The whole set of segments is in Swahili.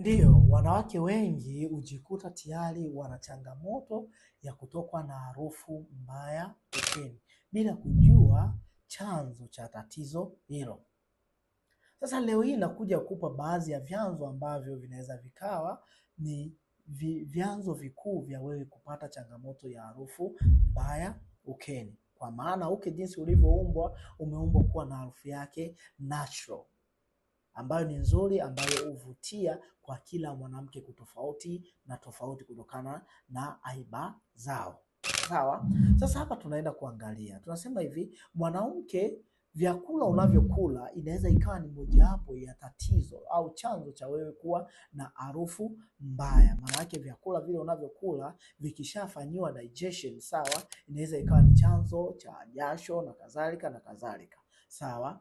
Ndiyo, wanawake wengi hujikuta tayari wana changamoto ya kutokwa na harufu mbaya ukeni bila kujua chanzo cha tatizo hilo. Sasa leo hii nakuja kupa baadhi ya vyanzo ambavyo vinaweza vikawa ni vyanzo vikuu vya wewe kupata changamoto ya harufu mbaya ukeni, kwa maana uke jinsi ulivyoumbwa, umeumbwa kuwa na harufu yake natural ambayo ni nzuri, ambayo huvutia kwa kila mwanamke kutofauti na tofauti kutokana na aiba zao. Sawa. Sasa hapa tunaenda kuangalia, tunasema hivi, mwanamke, vyakula unavyokula inaweza ikawa ni mojawapo ya tatizo au chanzo cha wewe kuwa na harufu mbaya. Maana yake vyakula vile unavyokula vikishafanyiwa digestion, sawa, inaweza ikawa ni chanzo cha jasho na kadhalika na kadhalika, sawa.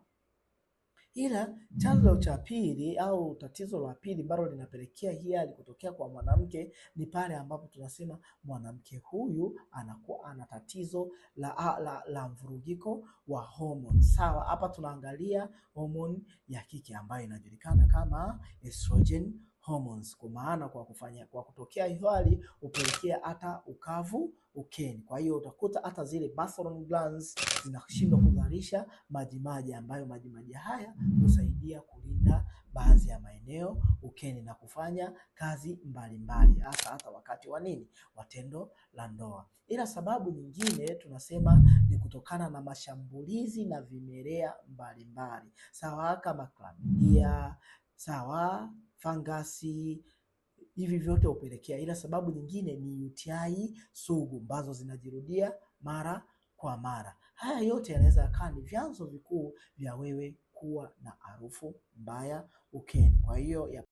Ila chanzo cha pili au tatizo la pili ambalo linapelekea hii hali kutokea kwa mwanamke ni pale ambapo tunasema mwanamke huyu anakuwa ana tatizo la, la, la mvurugiko wa homoni. Sawa, hapa tunaangalia homoni ya kike ambayo inajulikana kama estrogen hormones, kwa maana kwa kufanya kwa kutokea hiyo upelekea hupelekea hata ukavu ukeni. Kwa hiyo utakuta hata zile Bartholin glands zinashindwa kuzalisha majimaji, ambayo majimaji haya husaidia kulinda baadhi ya maeneo ukeni na kufanya kazi mbalimbali hasa hata wakati wa nini, wa tendo la ndoa. Ila sababu nyingine tunasema ni kutokana na mashambulizi na vimelea mbalimbali sawa kama klamidia sawa, fangasi, hivi vyote hupelekea, ila sababu nyingine ni UTI sugu ambazo zinajirudia mara kwa mara. Haya yote yanaweza yakawa ni vyanzo vikuu vya wewe kuwa na harufu mbaya ukeni. Kwa hiyo